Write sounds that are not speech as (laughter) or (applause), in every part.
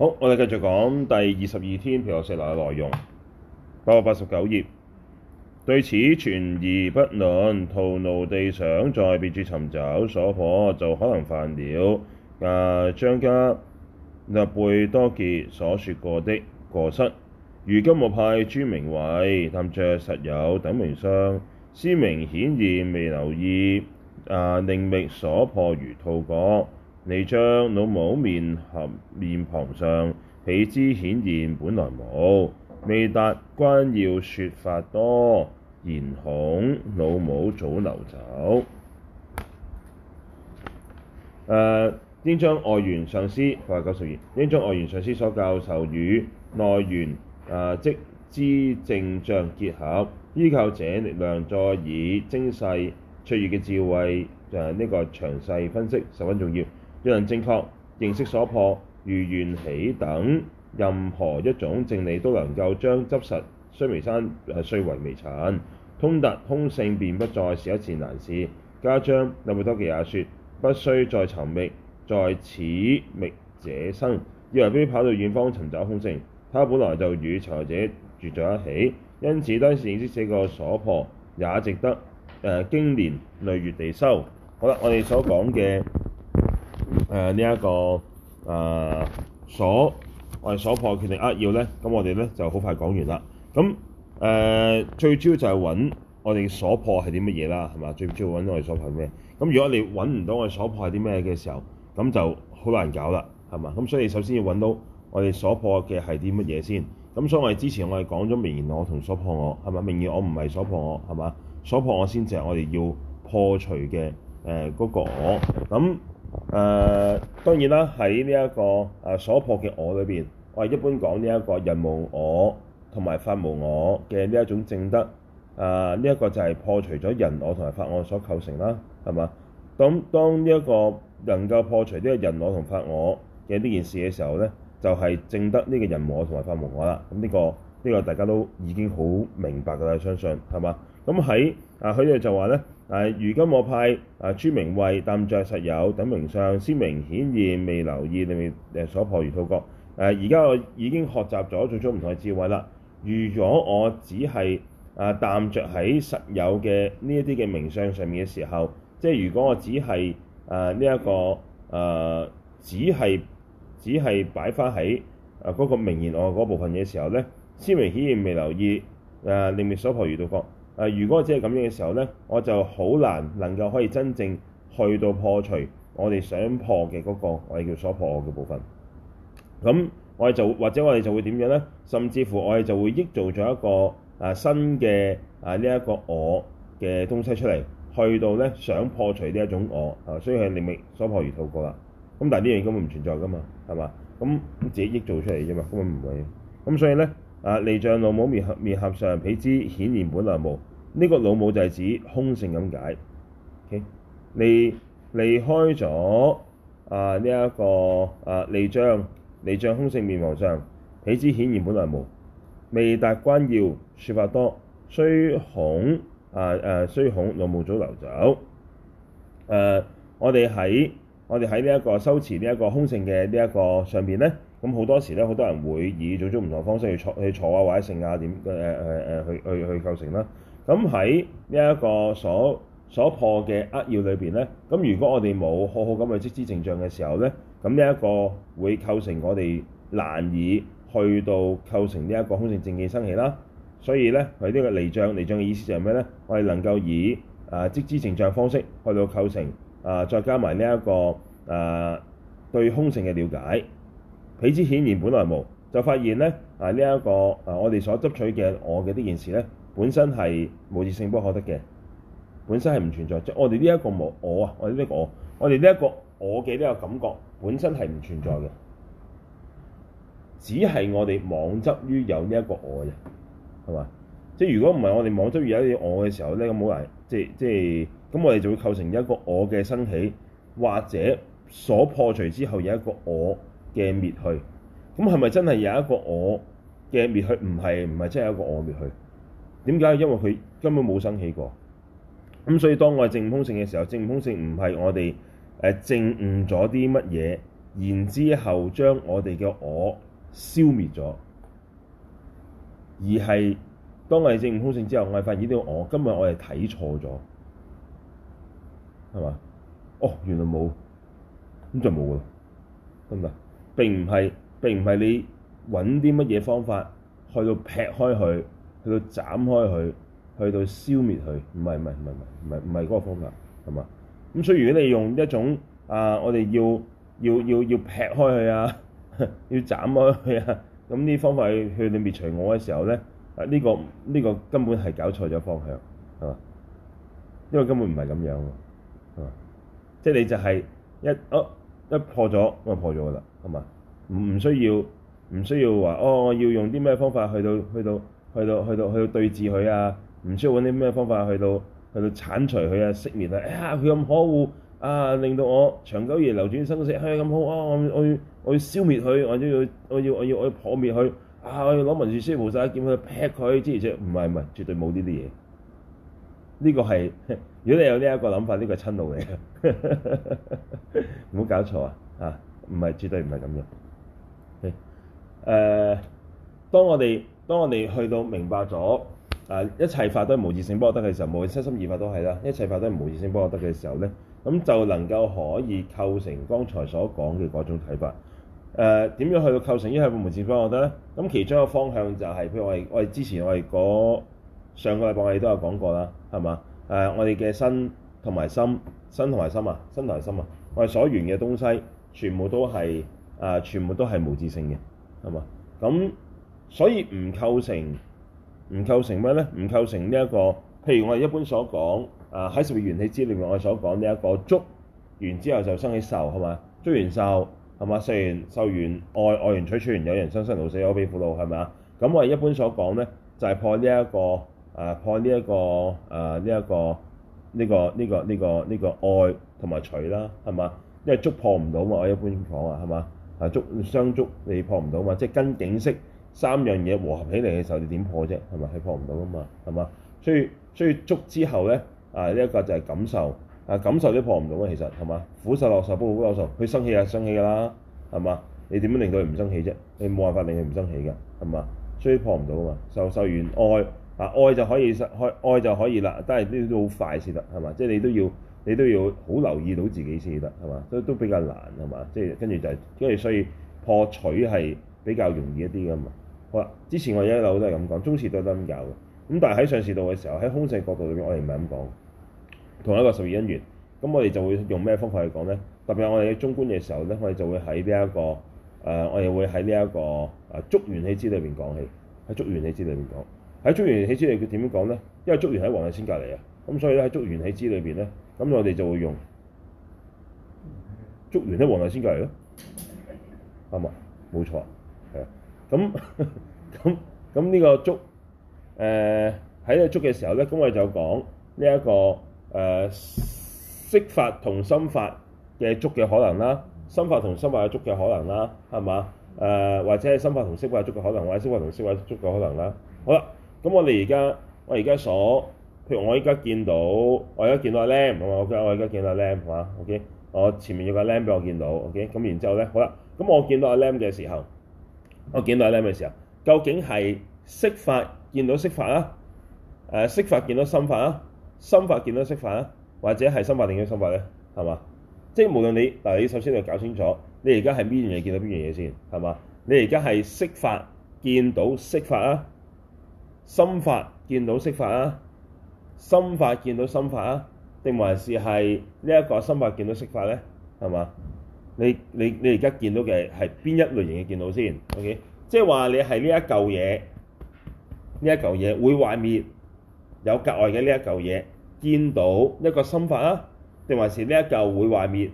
好，我哋繼續講第二十二天《毗缽舍那》嘅內容，八百八十九頁。對此存疑不論，徒勞地想在別處尋找所破，就可能犯了啊、呃、張家納貝多傑所說過的過失。如今我派朱明偉探着實有等名相，先明顯然未留意啊，另、呃、覓所破如兔角。你將老母面合面龐上，比之顯現本來無未達關要説法多，言恐老母早流走。誒應將外緣上司八百九十二，應將外緣上司所教授與內緣啊、uh, 即知正像結合，依靠者力量，再以精細卓越嘅智慧，誒、uh, 呢個詳細分析十分重要。若能正確認識所破如願起等任何一種正理，都能夠將執實須彌山誒碎為微塵，通達空性便不再是一件難事。家將《大般若經》也說，不需再尋覓在此覓者生。以為非跑到遠方尋找空性，他本來就與尋覓者住在一起，因此單是認識這個所破也值得誒、呃、經年累月地修。好啦，我哋所講嘅。誒呢一個誒、呃、所我哋所破嘅決定啊，要咧，咁我哋咧就好快講完啦。咁誒最主要就係揾我哋所破係啲乜嘢啦，係、呃、嘛？最主要揾我哋所破係咩？咁如果你揾唔到我哋所破係啲咩嘅時候，咁就好難搞啦，係嘛？咁所以首先要揾到我哋所破嘅係啲乜嘢先。咁所以我哋之前我哋講咗名言我同所破我係嘛？名言我唔係所破我係嘛？所破我先至係我哋要破除嘅誒嗰個我咁。誒、呃、當然啦，喺呢一個誒、啊、所破嘅我裏邊，我係一般講呢一個人無我同埋法無我嘅呢一種證得。誒呢一個就係破除咗人我同埋法我所構成啦，係嘛？咁當呢一個能夠破除呢個人我同法我嘅呢件事嘅時候咧，就係、是、證得呢個人無我同埋法無我啦。咁呢、這個呢、這個大家都已經好明白㗎喇，相信係嘛？咁喺啊，佢哋就話咧。誒、啊，如今我派誒朱、啊、明慧耽着實有等名相，先明顯而未留意，你面誒所破如兔角。誒、啊，而家我已經學習咗做咗唔同嘅智慧啦。如果我只係誒、啊、耽着喺實有嘅呢一啲嘅名相上面嘅時候，即係如果我只係誒呢一個誒、呃，只係只係擺翻喺誒嗰個名言外嗰部分嘅時候咧，先明顯而未留意誒令面所破如兔角。誒、啊，如果我只係咁樣嘅時候咧，我就好難能夠可以真正去到破除我哋想破嘅嗰、那個我哋叫所破嘅部分。咁我哋就或者我哋就會點樣咧？甚至乎我哋就會益做咗一個誒、啊、新嘅誒呢一個我嘅東西出嚟，去到咧想破除呢一種我，所以係你未所破如套過啦。咁、啊、但係呢樣嘢根本唔存在㗎嘛，係嘛？咁自己益做出嚟嘅啫嘛，根本唔係。咁所以咧，誒離象老母面合面合上，彼之顯現本來冇。呢個老母就係指空性咁解。O.K. 離離，離開咗啊！呢、這、一個啊，離障離障空性面貌上，豈知顯然本來無。未達關要説法多，衰恐啊誒、啊，雖恐老母早流走。誒、啊，我哋喺我哋喺呢一個修持呢一個空性嘅呢一個上邊咧，咁好多時咧，好多人會以種種唔同方式去坐去坐啊，或者靜啊點誒誒誒去去去構成啦。咁喺呢一個所所破嘅扼要裏邊呢，咁如果我哋冇好好咁去積資淨障嘅時候呢，咁呢一個會構成我哋難以去到構成呢一個空性正見生起啦。所以呢，佢、這、呢個離障，離障嘅意思就係咩呢？我哋能夠以啊、呃、積資淨障方式去到構成啊、呃，再加埋呢一個啊、呃、對空性嘅了解，彼之顯然本來無，就發現呢，啊呢一個啊、呃、我哋所執取嘅我嘅呢件事呢。本身係無自性不可得嘅，本身係唔存在。即我哋呢一個我，我啊，我哋呢個我，我哋呢一個我嘅呢個感覺，本身係唔存在嘅。只係我哋妄執於有呢一個我啫，係嘛？即如果唔係我哋妄執於有呢個我嘅時候咧，咁冇人，即即咁我哋就會構成一個我嘅生起，或者所破除之後有一個我嘅滅去。咁係咪真係有一個我嘅滅去？唔係唔係真係有一個我滅去。點解？因為佢根本冇生起過，咁所以當我係證悟空性嘅時候，證悟空性唔係我哋誒證悟咗啲乜嘢，然之後將我哋嘅我消滅咗，而係當我係證悟空性之後，我發現呢個我今日我係睇錯咗，係嘛？哦，原來冇，咁就冇噶啦，得唔得？並唔係並唔係你揾啲乜嘢方法去到劈開佢。去到斬開佢，去到消滅佢，唔係唔係唔係唔係唔係嗰個方法，係嘛？咁所以如果你用一種啊、呃，我哋要要要要劈開佢啊， (laughs) 要斬開佢啊，咁 (laughs) 呢啲方法去去你滅除我嘅時候咧，啊呢個呢個根本係搞錯咗方向，係嘛？因為根本唔係咁樣，係嘛？即係你就係一哦，一破咗，我、哦、破咗噶啦，係嘛？唔唔需要唔需要話，哦，我要用啲咩方法去到去到。去到去到去到對治佢啊，唔識揾啲咩方法去到去到剷除佢啊，熄滅啊！哎呀，佢咁可惡啊，令到我長久而流轉生死。係、哎、咁好啊！我我要我要消滅佢，或者要我要我要我要破滅佢啊！我要攞文殊師無曬劍佢劈佢，即係唔係唔係絕對冇呢啲嘢？呢、呢個係如果你有呢一個諗法，呢個係親路嚟嘅，唔 (laughs) 好搞錯啊！啊，唔係絕對唔係咁樣。誒、啊，當我哋。當我哋去到明白咗，誒、啊、一切法都係無自性、不可得嘅時候，無論七心二法都係啦，一切法都係無自性、不可得嘅時候咧，咁就能夠可以構成剛才所講嘅嗰種睇法。誒、啊、點樣去到構成一切法無自性、不可得咧？咁其中一個方向就係、是，譬如我哋我哋之前我哋嗰、那個、上個禮拜我哋都有講過啦，係嘛？誒、啊、我哋嘅身同埋心，身同埋心啊，身同埋心啊，我哋所緣嘅東西全部都係誒，全部都係、啊、無自性嘅，係嘛？咁所以唔構成唔構成咩咧？唔構成呢、這、一個，譬如我哋一般所講，啊喺十二緣起之裏面，我所講呢、這、一個觸完之後就生起受，係嘛？觸完受係嘛？受完受完愛愛完取取完，有人生生老死，憂悲苦惱係咪啊？咁、嗯、我哋一般所講咧，就係、是、破呢、這、一個啊，破呢、這、一個啊，呢、這、一個呢、這個呢、這個呢、這個呢、這個這個這個愛同埋取啦，係嘛？因為觸破唔到嘛，我一般講啊，係嘛？啊觸相觸你破唔到嘛，即係根境識。三樣嘢和合起嚟嘅時候，你點破啫？係咪係破唔到噶嘛？係嘛？所以所以捉之後咧，啊呢一個就係感受，啊感受都破唔到嘅，其實係嘛？苦受落受，不苦落受，佢生氣啊生氣噶啦，係嘛？你點樣令佢唔生氣啫？你冇辦法令佢唔生氣嘅，係嘛？所以破唔到啊嘛！受受完愛，啊愛就可以受，愛就可以啦，但係呢啲都好快先得，係嘛？即係你都要你都要好留意到自己先得，係嘛？所以都，都比較難係嘛？即係跟住就係，跟住所以破取係比較容易一啲噶嘛。好啦，之前我一路都係咁講，中士都係咁搞嘅。咁但係喺上士道嘅時候，喺空性角度裏邊，我哋唔係咁講。同一個十二因緣，咁我哋就會用咩方法去講咧？特別我哋喺中觀嘅時候咧，我哋就會喺呢一個誒、呃，我哋會喺、呢個啊、呢一個誒，竹圓起支裏邊講起，喺竹圓起支裏邊講。喺竹圓起支裏，佢點樣講咧？因為竹圓喺黃大仙隔籬啊，咁所以咧喺竹圓起支裏邊咧，咁我哋就會用竹圓喺黃大仙隔籬咯。啱嘛？冇錯。咁咁咁呢個捉誒喺呢個捉嘅時候咧，我哋就講呢一個誒色法同心法嘅捉嘅可能啦，心法同心法嘅捉嘅可能啦，係嘛？誒或者係心法同色法捉嘅可能，或者色法同色法捉嘅可能啦。好啦，咁我哋而家我而家所，譬如我而家見到我而家見到阿 Lam 啊嘛，我而家我而家見到阿 Lam 係嘛？OK，我前面有個 Lam 俾我見到，OK，咁然之後咧，好啦，咁我見到阿 Lam 嘅時候。我見到係咩時候？究竟係色法見到色法啊？誒、呃，色法見到心法啊？心法見到色法啊？或者係心法定咗心法咧？係嘛？即係無論你嗱，但你首先要搞清楚，你而家係邊樣嘢見到邊樣嘢先？係嘛？你而家係色法見到色法啊？心法見到色法啊？心法見到心法啊？定還是係呢一個心法見到色法咧？係嘛？你你你而家見到嘅係邊一類型嘅見到先？OK，即係話你係呢一嚿嘢，呢一嚿嘢會壞滅，有格外嘅呢一嚿嘢見到一個心法啊，定還是呢一嚿會壞滅？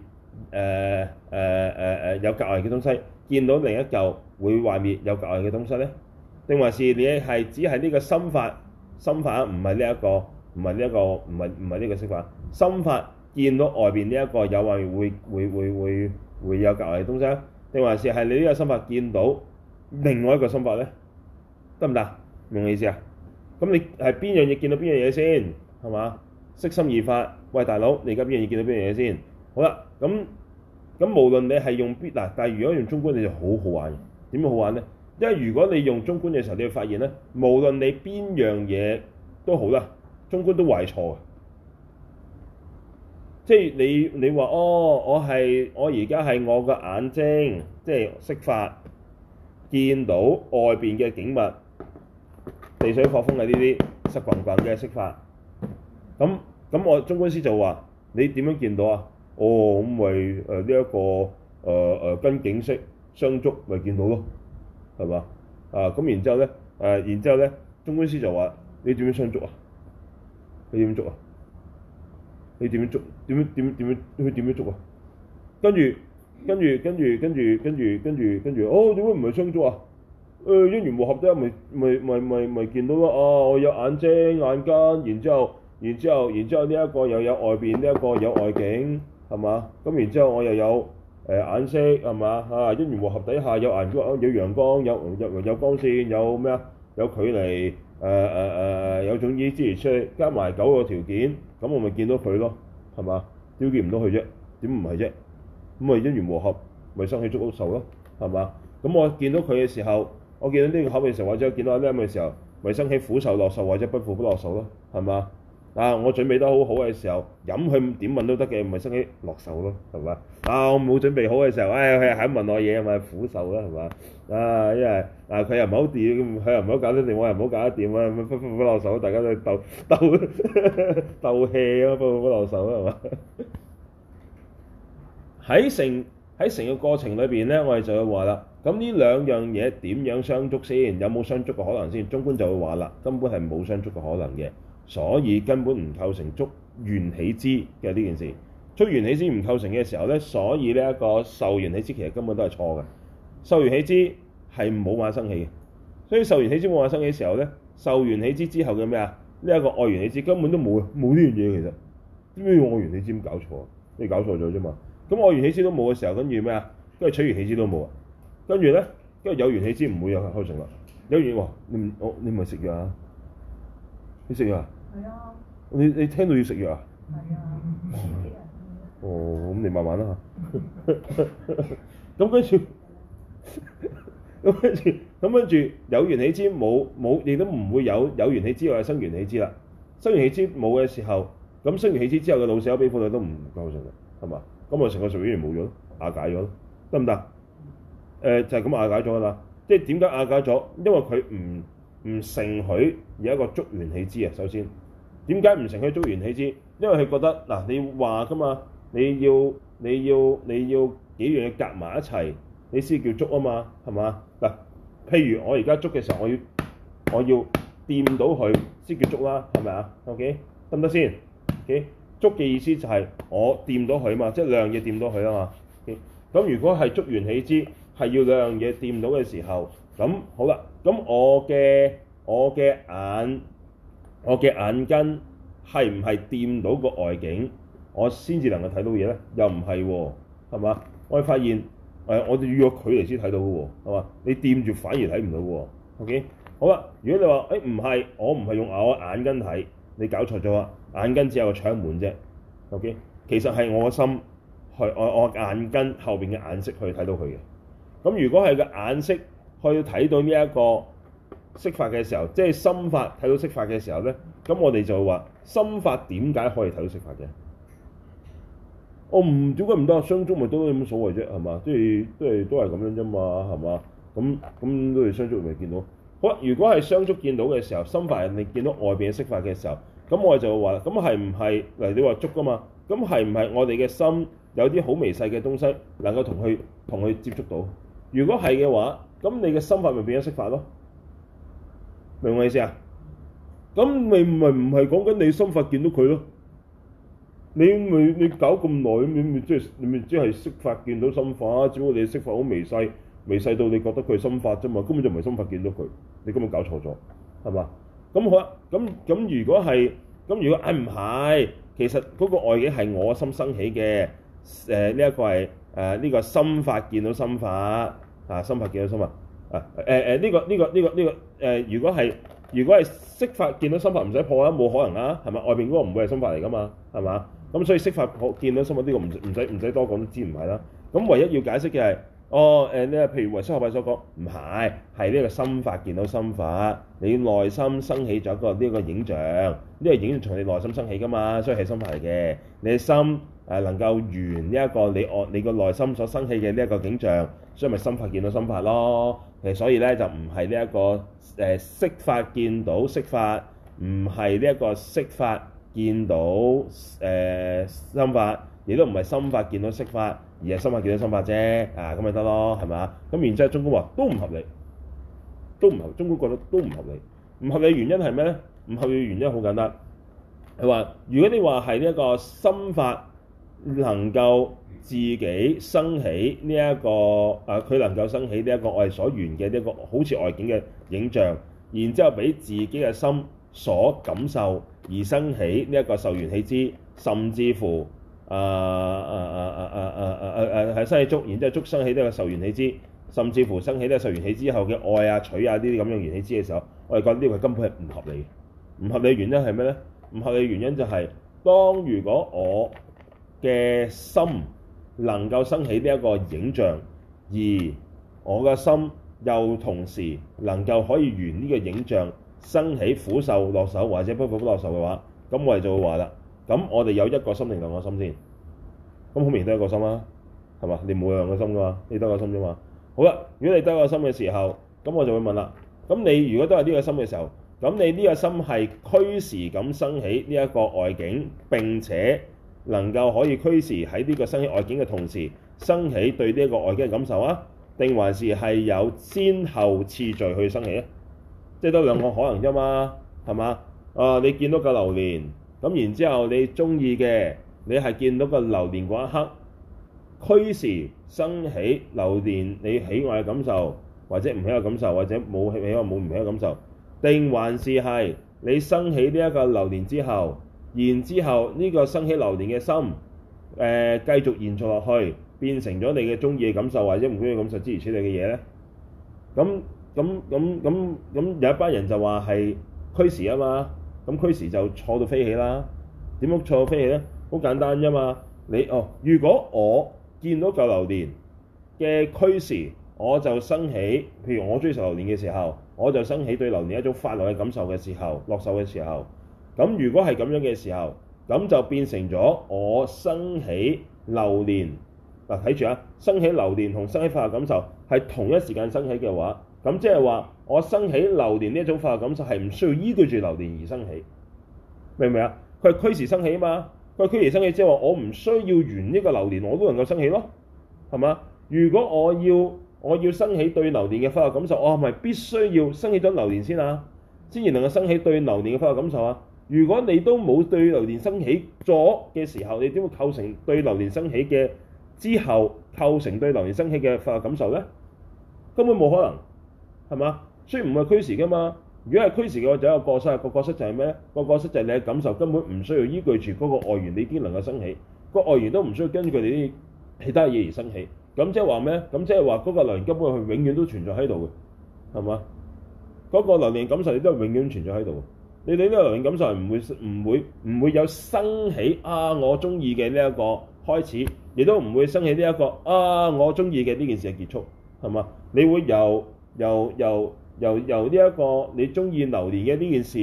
誒誒誒誒有格外嘅東西見到另一嚿會壞滅有格外嘅東西咧？定還是你係只係呢個心法心法啊？唔係呢一個唔係呢一個唔係唔係呢個色法心法見到外邊呢一個有壞滅會會會會？會有隔離東西，定還是係你呢個心法見到另外一個心法咧？得唔得？明我意思啊？咁你係邊樣嘢見到邊樣嘢先？係嘛？色心二法。喂，大佬，你而家邊樣嘢見到邊樣嘢先？好啦，咁咁無論你係用邊嗱，但係如果用中觀，你就好好玩嘅。點樣好玩咧？因為如果你用中觀嘅時候，你會發現咧，無論你邊樣嘢都好啦，中觀都壞錯嘅。即係你你話哦，我係我而家係我個眼睛，即係識法，見到外邊嘅景物，地水火風嘅呢啲濕棍棍嘅識法。咁咁我中觀師就話：你點樣見到啊？哦，咁咪誒呢一個誒誒、呃呃、跟景色相觸咪見到咯，係嘛？啊，咁然之後咧誒，然之後咧、呃、中觀師就話：你點樣相觸啊？你點樣觸啊？你點樣捉？點樣點樣點樣？佢點樣，樣，樣捉啊？跟住跟住跟住跟住跟住跟住跟住哦！點解唔係相捉啊？誒、呃，因緣和合底下咪咪咪咪咪見到咯哦，我有眼睛、眼間，然之後，然之後，然之後呢一個又有外邊呢一個有外景，係嘛？咁然之後我又有誒、呃、眼色，係嘛？啊，因緣和合底下有眼珠，有陽光，有有有光線，有咩啊？有距離誒誒誒，有種依之類出加埋九個條件。咁我咪見到佢咯，係嘛？邀見唔到佢啫，點唔係啫？咁咪因緣和合，咪生起祝福受咯，係嘛？咁我見到佢嘅時候，我見到呢個口面嘅時候，或者我見到阿媽嘅時候，咪生起苦受樂受，或者不苦不樂受咯，係嘛？啊！我準備得好好嘅時候，飲佢點問都得嘅，唔係升起落手咯，係咪啊？我冇準備好嘅時候，唉，佢喺問我嘢，咪苦受啦，係咪啊？因為嗱，佢又唔好掂，佢又唔好搞得掂，我又唔好搞得掂啊！咁不不落手，大家都鬥鬥鬥氣咯，不不落手啦，係咪？喺成喺成個過程裏邊咧，我哋就會話啦，咁呢兩樣嘢點樣相觸先？有冇相觸嘅可能先？中觀就會話啦，根本係冇相觸嘅可能嘅。所以根本唔構成觸緣起支嘅呢件事，觸緣起支唔構成嘅時候咧，所以呢一個受緣起支其實根本都係錯嘅。受緣起支係冇話生起嘅，所以受緣起支冇話生起嘅時候咧，受緣起支之後嘅咩啊？呢一個愛緣起支根本都冇啊！冇呢樣嘢其實，點解要愛緣起支搞錯啊？你搞錯咗啫嘛。咁愛緣起支都冇嘅時候，跟住咩啊？跟住取緣起支都冇啊。跟住咧，跟住有緣起支唔會有構成啦。有緣喎，你唔我你唔係食藥啊？你食藥啊？係啊！你你聽到要食藥啊？係啊！哦， (music) 咁、嗯、你慢慢啦嚇。咁跟住，咁跟住，咁跟住有緣起支冇冇，亦都唔會有有緣起支外，係生緣起支啦。生緣起支冇嘅時候，咁生緣起支之後嘅老死悲苦都唔夠嘅，係嘛？咁我成個壽元冇咗咯，瓦解咗咯，得唔得？誒、嗯呃、就係、是、咁瓦解咗啦。即係點解瓦解咗？因為佢唔唔承許有一個足緣起支啊。首先。點解唔成？佢捉完起支，因為佢覺得，嗱，你話噶嘛，你要你要你要，你要幾樣嘢夾埋一齊，你先叫捉啊嘛，係咪？嗱，譬如我而家捉嘅時候，我要我要掂到佢先叫捉啦，係咪啊？OK，得唔得先？OK，捉嘅意思就係我掂到佢嘛，即係兩樣嘢掂到佢啊嘛。OK，咁如果係捉完起支，係要兩樣嘢掂到嘅時候，咁好啦，咁我嘅我嘅眼。我嘅眼根係唔係掂到個外景，我先至能夠睇到嘢咧？又唔係喎，係嘛？我哋發現誒，我哋預咗距離先睇到嘅、啊、喎，係嘛？你掂住反而睇唔到嘅、啊、喎。OK，好啦，如果你話誒唔係，我唔係用我眼根睇，你搞錯咗啊！眼根只有個窗門啫。OK，其實係我嘅心去我我眼根後邊嘅眼色去睇到佢嘅。咁如果係個眼色去睇到呢、這、一個？釋法嘅時候，即係心法睇到釋法嘅時候咧，咁我哋就話心法點解可以睇到釋法嘅？我、哦、唔，點解唔得啊相觸咪、就是、都冇所謂啫，係嘛？即係都係都係咁樣啫嘛，係嘛？咁咁都係相觸咪見到。好，如果係相觸見到嘅時候，心法人哋見到外邊嘅釋法嘅時候，咁我哋就會話啦，咁係唔係嗱？你話觸噶嘛？咁係唔係我哋嘅心有啲好微細嘅東西能夠同佢同佢接觸到？如果係嘅話，咁你嘅心法咪變咗釋法咯。明唔明意思啊？咁你唔係唔係講緊你心法見到佢咯？你咪你搞咁耐，你咪即係你咪即係識法見到心法。只不過你識法好微細，微細到你覺得佢係心法啫嘛，根本就唔係心法見到佢。你根本搞錯咗，係嘛？咁好啊？咁咁如果係，咁如果誒唔係？其實嗰個外境係我心生起嘅。誒呢一個係誒呢個心法見到心法啊，心法見到心法。啊，誒誒呢個呢個呢個呢個誒，如果係，如果係色法見到心法，唔使破咧，冇可能啊，係咪？外邊嗰個唔會係心法嚟噶嘛，係嘛。咁所以色法破見到心法，呢個唔唔使唔使多講都知唔係啦。咁唯一要解釋嘅係，哦，誒你係，譬如唯識學派所講唔係，係呢個心法見到心法，你內心生起咗一個呢個影像，呢個影像從你內心生起噶嘛，所以係心法嚟嘅。你心誒，能夠緣呢一個你你個內心所生起嘅呢一個景象，所以咪心法見到心法咯。其實所以咧就唔係呢一個誒識法見到識法，唔係呢一個識法見到誒、呃、心法，亦都唔係心法見到識法，而係心法見到心法啫。啊，咁咪得咯，係嘛？咁然之後中觀，中觀話都唔合理，都唔合理中觀覺得都唔合理。唔合理原因係咩咧？唔合理原因好簡單，係話如果你話係呢一個心法。能夠自己生起呢、這、一個誒，佢、啊、能夠生起呢一個我哋所緣嘅呢一個好似外境嘅影像，然之後俾自己嘅心所感受而生起呢一個受緣起支，甚至乎誒誒誒誒誒誒誒誒誒係生起觸，然之後觸生起呢個受緣起支，甚至乎生起呢個受緣起之後嘅愛啊、取啊呢啲咁樣緣起支嘅時候，我哋覺得呢個根本係唔合理嘅，唔合理原因係咩咧？唔合理嘅原因就係、是、當如果我嘅心能夠生起呢一個影像，而我嘅心又同時能夠可以沿呢個影像生起苦受樂受或者不苦不樂受嘅話，咁我哋就會話啦。咁我哋有一個心定兩個心先？咁好明顯得一個心啦，係嘛？你冇兩個心噶嘛？你得一個心啫嘛。好啦，如果你得一個心嘅時候，咁我就會問啦。咁你如果都係呢個心嘅時候，咁你呢個心係驅使咁生起呢一個外境並且能夠可以驅使喺呢個生起外境嘅同時，生起對呢一個外境嘅感受啊？定還是係有先後次序去生起咧、啊？即係都兩個可能啫嘛，係嘛？啊、呃，你見到個榴槤咁，然之後你中意嘅，你係見到個榴槤嗰一刻驅使生起榴槤你喜愛嘅感受，或者唔喜愛嘅感受，或者冇喜愛冇唔喜愛嘅感受，定還是係你生起呢一個榴槤之後？然之後呢個生起榴槤嘅心，誒、呃、繼續延續落去，變成咗你嘅中意嘅感受，或者唔中意感受諸如此類嘅嘢咧。咁咁咁咁咁，有一班人就話係驅使啊嘛。咁驅使就錯到飛起啦。點樣錯到飛起咧？好簡單啫嘛。你哦，如果我見到嚿榴槤嘅驅使，我就生起。譬如我中意榴槤嘅時候，我就生起對榴槤一種快樂嘅感受嘅時候，落手嘅時候。咁如果係咁樣嘅時候，咁就變成咗我生起榴槤嗱睇住啊，生起榴槤同生起快樂感受係同一時間生起嘅話，咁即係話我生起榴槤呢一種快樂感受係唔需要依據住榴槤而生起，明唔明啊？佢係驅使生起啊嘛，佢係驅使生起即係話我唔需要緣呢個榴槤我都能夠生起咯，係嘛？如果我要我要生起對榴槤嘅快樂感受，我係咪必須要生起咗榴槤先啊？先至能夠生起對榴槤嘅快樂感受啊？如果你都冇對榴槤升起咗嘅時候，你點會構成對榴槤升起嘅之後構成對榴槤升起嘅快樂感受咧？根本冇可能，係嘛？雖然唔係虛時㗎嘛。如果係虛時嘅話，就有個角色，嗰個角色就係咩咧？嗰個角色就係你嘅感受，根本唔需要依據住嗰個外緣，你已先能夠升起。嗰個外緣都唔需要根據佢哋啲其他嘢而升起。咁即係話咩咧？咁即係話嗰個榴槤根本佢永遠都存在喺度嘅，係嘛？嗰、嗰個榴槤感受你都係永遠存在喺度。你對呢個榴槤感受唔會唔會唔會有生起啊！我中意嘅呢一個開始，亦都唔會生起呢一個啊！我中意嘅呢件事嘅結束，係嘛？你會由由由由由呢一個你中意榴槤嘅呢件事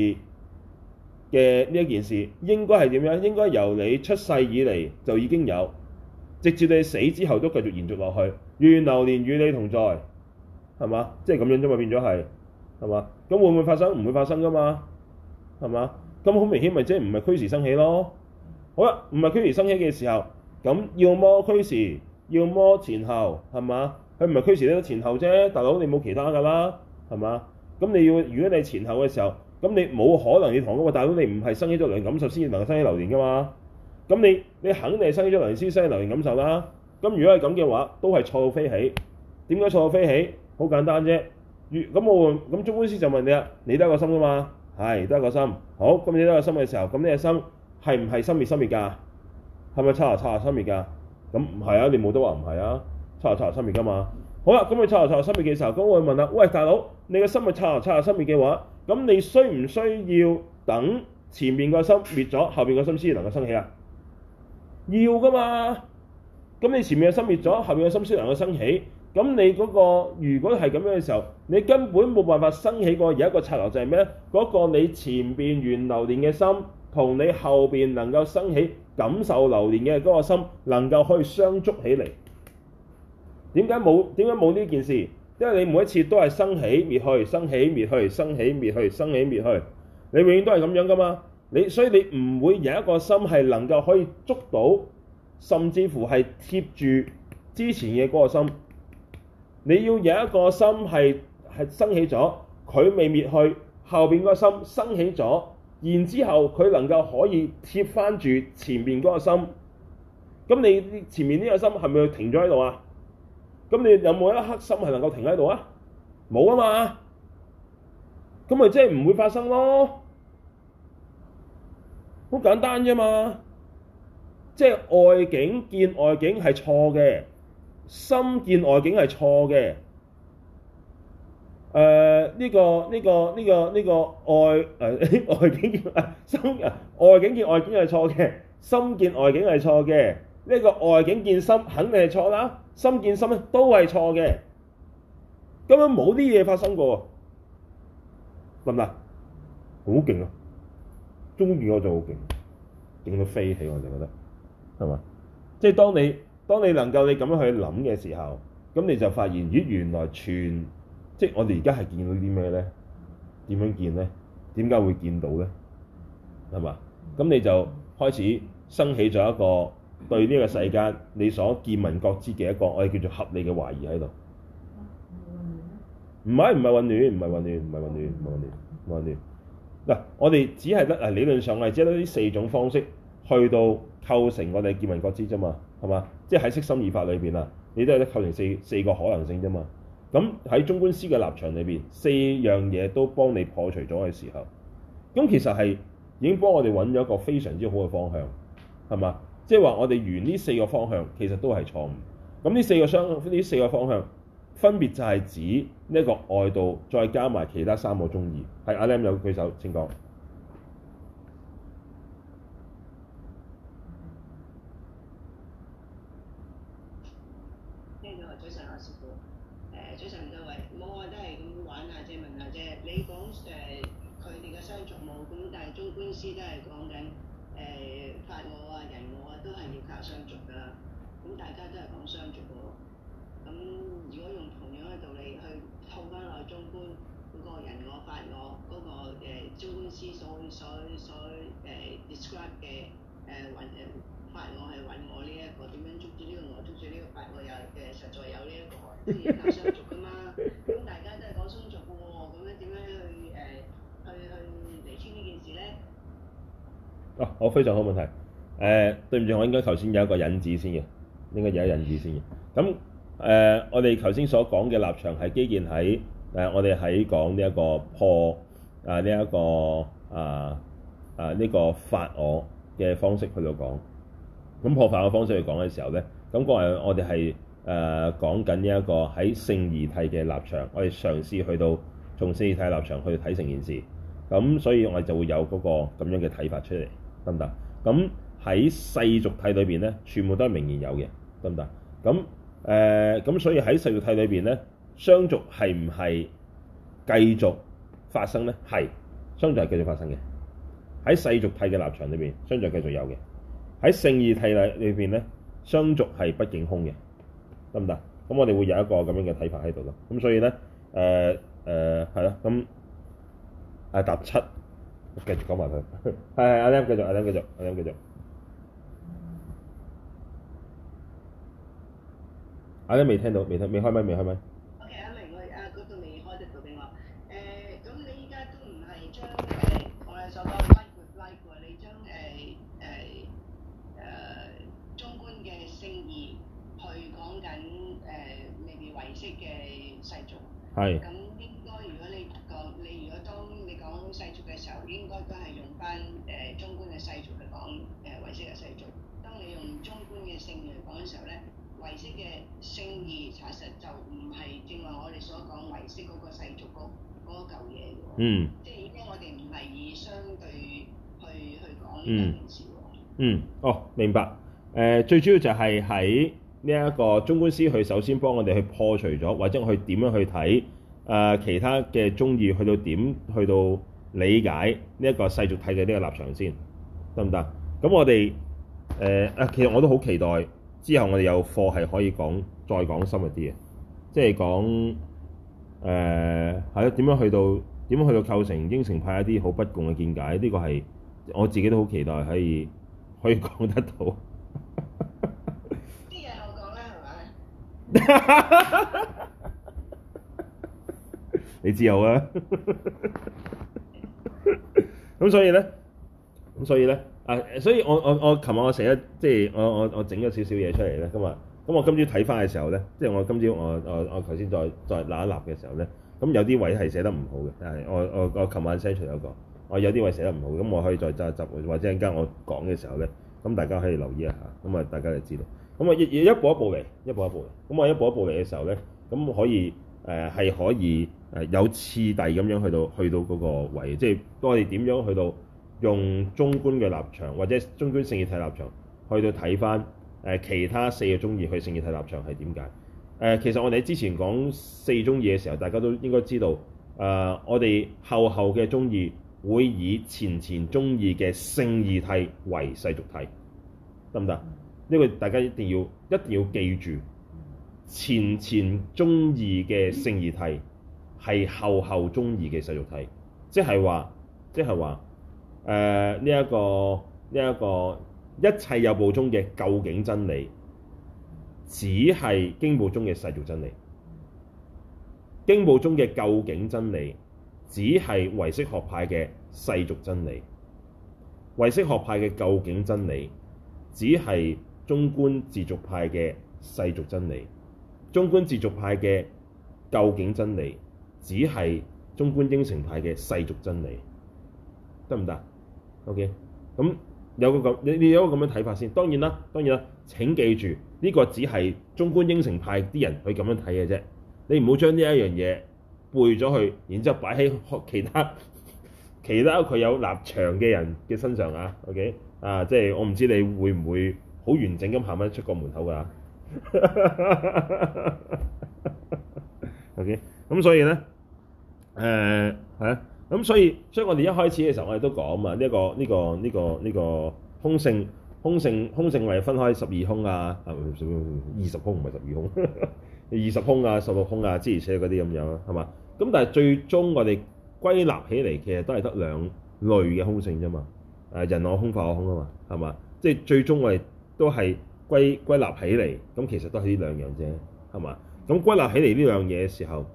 嘅呢一件事，應該係點樣？應該由你出世以嚟就已經有，直至你死之後都繼續延續落去。願榴槤與你同在，係嘛？即係咁樣啫嘛，變咗係，係嘛？咁會唔會發生？唔會發生噶嘛？係嘛？咁好明顯，咪即係唔係趨時生起咯？好啦，唔係趨時生起嘅時候，咁要麼趨時，要麼前後，係嘛？佢唔係趨時咧，前後啫。大佬你冇其他噶啦，係嘛？咁你要如果你前後嘅時候，咁你冇可能要同我話，大佬你唔係生起咗流年感受先至能夠生起留言噶嘛？咁你你肯定係生起咗流年先生起流年感受啦。咁如果係咁嘅話，都係錯到飛起。點解錯到飛起？好簡單啫。咁我咁中觀師就問你啦，你得一個心噶嘛？係，都係個心。好，咁你都係個心嘅時候，咁你個心係唔係心滅心滅㗎？係咪差下、差下、心滅㗎？咁唔係啊，你冇得話唔係啊，差下、差下、心滅㗎嘛。好啦，咁你差下、差下、心滅嘅時候，咁我會問啦，喂，大佬，你嘅心係差下、差下、心滅嘅話，咁你需唔需要等前面個心滅咗，後邊個心先能夠生起啊？要㗎嘛。咁你前面嘅心滅咗，後邊嘅心先能夠生起。咁你嗰個如果係咁樣嘅時候，你根本冇辦法生起過而一個策流，就係咩咧？嗰個你前邊緣流年嘅心，同你後邊能夠生起感受流年嘅嗰個心，能夠可以相觸起嚟。點解冇？點解冇呢件事？因為你每一次都係生起滅去，生起滅去，生起滅去，生起滅去，你永遠都係咁樣噶嘛。你所以你唔會有一個心係能夠可以觸到，甚至乎係貼住之前嘅嗰個心。你要有一個心係係升起咗，佢未滅去，後邊個心升起咗，然之後佢能夠可以貼翻住前面嗰個心，咁你前面呢個心係咪停咗喺度啊？咁你有冇一刻心係能夠停喺度啊？冇啊嘛，咁咪即係唔會發生咯，好簡單啫嘛，即係外境見外境係錯嘅。心見外境係錯嘅，誒、呃、呢、呢個呢、呢個呢、呢個呢、呢個外誒外境心外境見外境係錯嘅，心見外境係錯嘅，呢、呢個外境見心肯定係錯啦，心見心咧都係錯嘅，根本冇啲嘢發生過，唔唔，好勁啊，中意我就好勁，勁到飛起我就覺得係嘛，即係當你。當你能夠你咁樣去諗嘅時候，咁你就發現咦，原來全即係我哋而家係見到啲咩咧？點樣見咧？點解會見到咧？係嘛？咁你就開始生起咗一個對呢個世界你所見聞覺知嘅一個我哋叫做合理嘅懷疑喺度。唔係唔係混亂，唔係混亂，唔係混亂，唔係混亂，唔係混亂。嗱、啊，我哋只係得啊理論上係只係得呢四種方式去到構成我哋見聞覺知啫嘛，係嘛？即係喺色心意法裏邊啦，你都係咧構成四四個可能性啫嘛。咁喺中觀師嘅立場裏邊，四樣嘢都幫你破除咗嘅時候，咁其實係已經幫我哋揾咗一個非常之好嘅方向，係嘛？即係話我哋圓呢四個方向其實都係錯誤。咁呢四個相呢四個方向分別就係指呢一個外道，再加埋其他三個中意係，阿 Len 有舉手，請講。好，翻嚟中觀嗰個人我法我嗰個誒，中官司所所所誒 describe 嘅誒，揾誒法我係揾我呢一個，點樣捉住呢個我，捉住呢個法我有嘅實在有呢一個，即係要談相續㗎嘛，咁大家都係講相續喎，咁樣點樣去誒去去釐清呢件事咧？哦，好，非常好問題。誒，對唔住，我應該頭先有一個引子先嘅，應該有一引子先嘅，咁。誒、呃，我哋頭先所講嘅立場係基建喺誒，我哋喺講呢一個破、呃這個呃、啊呢一個啊啊呢個法我嘅方式去到講咁破法嘅方式去講嘅時候咧，咁嗰日我哋係誒講緊呢一個喺勝義諦嘅立場，我哋嘗試去到從勝義諦立場去睇成件事，咁所以我哋就會有嗰、那個咁樣嘅睇法出嚟，得唔得？咁喺世俗諦裏邊咧，全部都係名言有嘅，得唔得？咁。誒，咁、呃、所以喺世俗諦裏邊咧，相續係唔係繼續發生咧？係，相續係繼續發生嘅。喺世俗諦嘅立場裏邊，相續繼續有嘅。喺勝義諦裏裏邊咧，相續係畢竟空嘅，得唔得？咁我哋會有一個咁樣嘅睇法喺度咯。咁所以咧，誒、呃、誒、係、呃、咯，咁誒、啊、答七，繼續講埋佢。係 (laughs) 係，阿 Sam 繼續，阿 Sam 繼續，阿 Sam 繼續。啊！你未聽到？未聽？未開咪，未開咪。OK，阿明佢啊，嗰度未開，得到俾我。誒、呃，咁你依家都唔係將誒、呃、我哋所講 include like 你將誒誒誒中觀嘅勝義去講緊誒咩嘢唯識嘅世俗。係是。咁應該如果你講你如果當你講世俗嘅時候，應該都係用翻誒、呃、中觀嘅世俗嚟講誒唯識嘅世俗。當你用中觀嘅勝義嚟講嘅時候咧。呢唯識嘅聖義，其實就唔係正話我哋所講唯識嗰個世俗嗰嚿嘢，嗯。即係已經我哋唔係以相對去去講呢一個名詞。嗯，哦，明白。誒、呃，最主要就係喺呢一個中觀師，佢首先幫我哋去破除咗，或者去點樣去睇誒、呃、其他嘅宗義，去到點去到理解呢一個世俗派嘅呢個立場先，得唔得？咁我哋誒啊，其實我都好期待。之後我哋有課係可以講，再講深一啲嘅，即係講誒係咯，點樣去到點樣去到構成應成派一啲好不共嘅見解？呢個係我自己都好期待可以可以講得到。啲嘢我講啦，係咪？你自由啊！ (laughs) 咁所以咧，咁所以咧。啊，所以我我我琴晚我寫咗，即係我我我整咗少少嘢出嚟咧。今日咁我今朝睇翻嘅時候咧，即係我今朝我我我頭先再再攬一攬嘅時候咧，咁有啲位係寫得唔好嘅。但係我我我琴晚寫出有一個，我有啲位寫得唔好，咁我可以再執一執，或者陣間我講嘅時候咧，咁大家可以留意一下，咁啊大家就知道。咁啊一一步一步嚟，一步一步嚟。咁我一步一步嚟嘅時候咧，咁可以誒係、呃、可以誒有次第咁樣去到去到嗰個位，即係當我哋點樣去到。用中觀嘅立場，或者中觀勝義諦立場，去到睇返誒其他四個宗義去勝義諦立場係點解？誒、呃，其實我哋之前講四宗義嘅時候，大家都應該知道誒、呃，我哋後後嘅宗義會以前前宗義嘅勝義諦為世俗諦，得唔得？呢、這個大家一定要一定要記住，前前宗義嘅勝義諦係後後宗義嘅世俗諦，即係話，即係話。誒呢一個呢一個、這個一切有部中嘅究竟真理，只係經部中嘅世俗真理；經部中嘅究竟真理，只係唯識學派嘅世俗真理；唯識學派嘅究竟真理，只係中觀自續派嘅世俗真理；中觀自續派嘅究竟真理，只係中觀應成派嘅世俗真理。得唔得？O.K. 咁有個咁你你有個咁樣睇法先，當然啦，當然啦。請記住呢個只係中觀應成派啲人去咁樣睇嘅啫。你唔好將呢一樣嘢背咗去，然之後擺喺其他其他佢有立場嘅人嘅身上啊。O.K. 啊，即係我唔知你會唔會好完整咁行翻出個門口㗎。 (laughs) O.K. 咁所以咧，誒、呃、係啊。咁、嗯、所以，所以我哋一開始嘅時候，我哋都講啊，呢、這個呢、這個呢、這個呢、這個空性，空性空性係分開十二空啊，二十空唔係十二空，二 (laughs) 十空啊、十六空啊諸如車嗰啲咁樣，係嘛？咁但係最終我哋歸納起嚟，其實都係得兩類嘅空性啫嘛。誒，人我空、法我空啊嘛，係嘛？即係最終我哋都係歸歸納起嚟，咁其實都係呢兩樣啫，係嘛？咁歸納起嚟呢樣嘢嘅時候，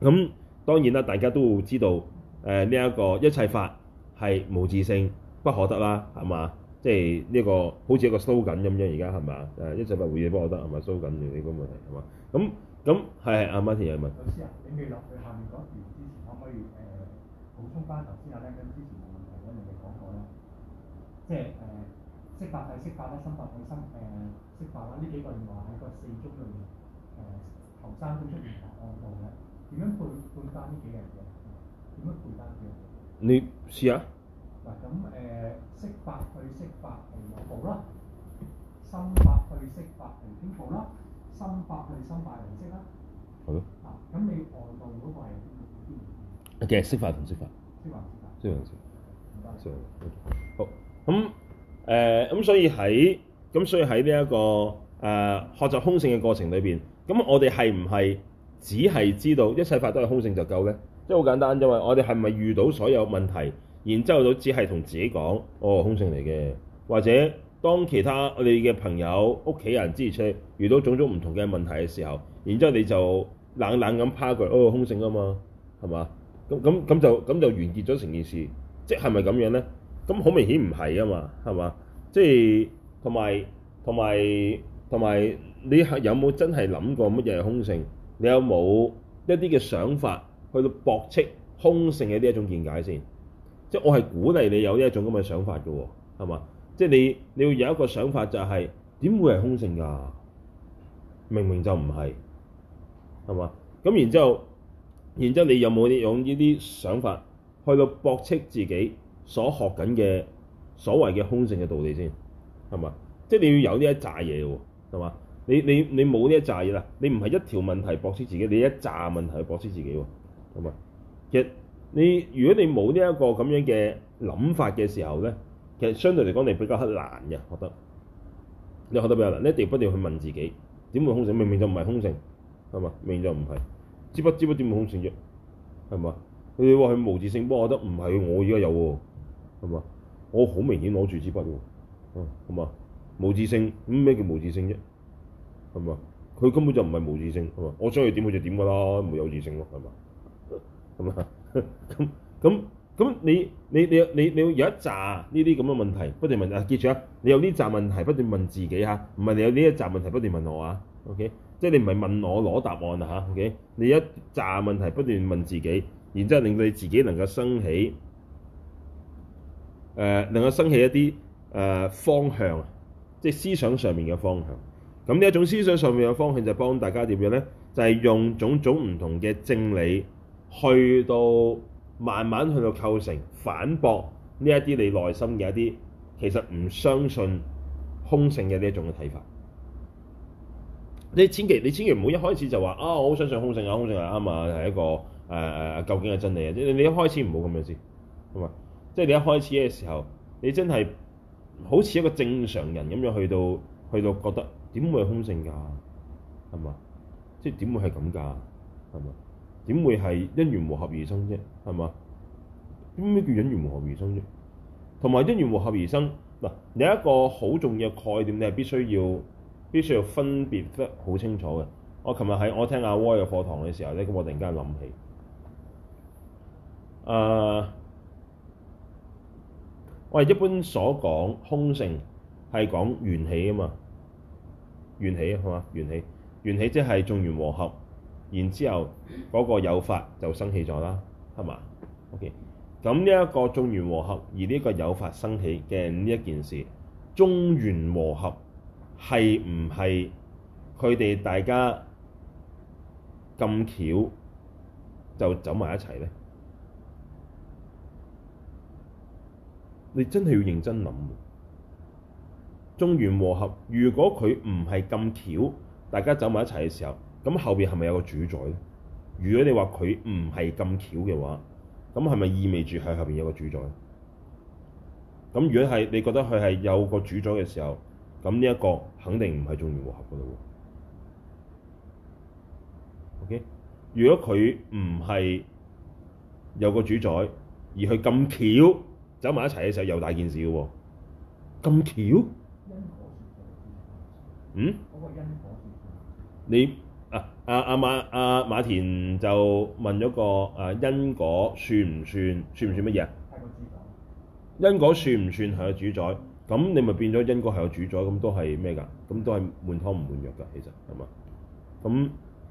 咁當然啦，大家都會知道。誒呢一個一切法係無自性，不可得啦，係嘛？即係呢個好似一個收緊咁樣，而家係嘛？誒一切法回應不可得，係咪收緊嘅呢個問題係嘛？咁咁係係阿馬田又問：老師啊，你未落去下面嗰段之前，可唔可以誒補充翻頭先啊？咧咁之前冇問題，我哋講過咧，即係誒色法係色法咧，心法係心誒色法啦，呢幾個原來係一個四足裏面誒頭生都出現答案過嘅，點樣配配生呢幾樣嘢？點樣回答佢？你試下。嗱咁誒，色法去色法嚟講步啦，心法去色法嚟傾步啦，心法去心法嚟積啦。係咯。咁你外道嗰個係點？嘅色法同色法。一樣。一樣。唔得。一樣謝謝。好。咁誒，咁、呃、所以喺咁所以喺呢一個誒、呃、學習空性嘅過程裏邊，咁我哋係唔係只係知道一切法都係空性就夠咧？即係好簡單，因為我哋係咪遇到所有問題，然之後都只係同自己講：哦，空性嚟嘅。或者當其他你嘅朋友、屋企人之類遇到種種唔同嘅問題嘅時候，然之後你就冷冷咁拋過：哦，空性啊嘛，係嘛？咁咁咁就咁就完結咗成件事。即係咪咁樣咧？咁好明顯唔係啊嘛，係嘛？即係同埋同埋同埋，你係有冇真係諗過乜嘢係空性？你有冇一啲嘅想法？去到駁斥空性嘅呢一種見解先，即係我係鼓勵你有呢一種咁嘅想法嘅喎，係嘛？即係你你要有一個想法就係、是、點會係空性㗎？明明就唔係，係嘛？咁然之後，然之後你有冇用呢啲想法去到駁斥自己所學緊嘅所謂嘅空性嘅道理先係嘛？即係你要有呢一紮嘢喎係嘛？你你你冇呢一紮嘢啦，你唔係一條問題駁斥自己，你一紮問題駁斥自己喎。係嘛，其實你如果你冇呢一個咁樣嘅諗法嘅時候咧，其實相對嚟講你比較難嘅，覺得你覺得比較難。你一定要不斷去問自己點會空性？明明就唔係空性，係嘛？明明就唔係。支筆支筆點會空性啫？係咪啊？你話佢無自性，不過我覺得唔係。我而家有喎，係嘛？我好明顯攞住支筆喎，嗯，係嘛？無自性。咁咩叫無自性啫？係嘛？佢根本就唔係無自性，係嘛？我想點就點㗎啦，冇有自性咯，係嘛？咁啊！ (laughs) 咁咁咁，你你你你你要有一紮呢啲咁嘅問題不斷問啊。記住啊！你有呢紮問題不斷問自己嚇，唔、啊、係你有呢一紮問題不斷問我啊。OK，即係你唔係問我攞答案啊嚇。OK，你一紮問題不斷問自己，然之後、呃、令到你自己能夠生起誒，能夠生起一啲誒、呃、方向，即係思想上面嘅方向。咁呢一種思想上面嘅方向就是、幫大家點樣咧？就係、是、用種種唔同嘅正理。去到慢慢去到構成反駁呢一啲你內心嘅一啲其實唔相信空性嘅呢一種嘅睇法。你千祈你千祈唔好一開始就話啊、哦，我好相信空性啊，空性係啱啊，係一個誒、呃、究竟係真理啊！你你一開始唔好咁樣先，係嘛？即係你一開始嘅時候，你真係好似一個正常人咁樣去到去到覺得點會係空性㗎？係嘛？即係點會係咁㗎？係嘛？點會係因緣和合而生啫？係嘛？咩叫因緣和合而生啫？同埋因緣和合而生嗱，有一個好重要嘅概念，你係必須要必須要分別得好清楚嘅。我琴日喺我聽阿威嘅課堂嘅時候咧，咁我突然間諗起誒、啊，我哋一般所講空性係講緣起啊嘛，緣起係嘛，緣起緣起即係眾緣和合。然之後，嗰個有法就升起咗啦，係嘛？OK，咁呢一個眾緣和合而呢個有法生起嘅呢一件事，眾緣和合係唔係佢哋大家咁巧就走埋一齊呢？你真係要認真諗，眾緣和合如果佢唔係咁巧，大家走埋一齊嘅時候。咁後邊係咪有個主宰咧？如果你話佢唔係咁巧嘅話，咁係咪意味住佢後邊有個主宰咧？咁如果係你覺得佢係有個主宰嘅時候，咁呢一個肯定唔係仲要和合噶咯喎。OK，如果佢唔係有個主宰，而佢咁巧走埋一齊嘅時候又大件事噶喎。咁巧？嗯？你？啊！阿、啊、阿馬阿、啊、馬田就問咗個啊因果算唔算？算唔算乜嘢啊？因果算唔算係個主宰？咁你咪變咗因果係個主宰，咁都係咩㗎？咁都係換湯唔換藥㗎。其實係嘛？咁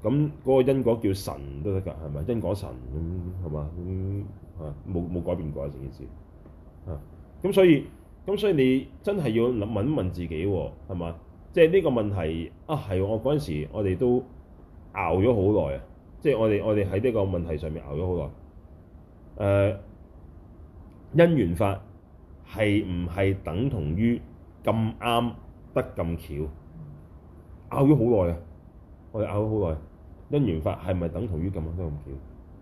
咁嗰個因果叫神都得㗎，係咪因果神咁係嘛？咁啊冇冇改變過啊？成件事啊！咁所以咁所以你真係要諗問一問自己喎，係嘛？即係呢個問題啊係我嗰陣時，我哋都，熬咗好耐啊！即係我哋我哋喺呢個問題上面熬咗好耐。誒、呃，因緣法係唔係等同於咁啱得咁巧？熬咗好耐啊！我哋熬咗好耐。因緣法係咪等同於咁啱得咁巧？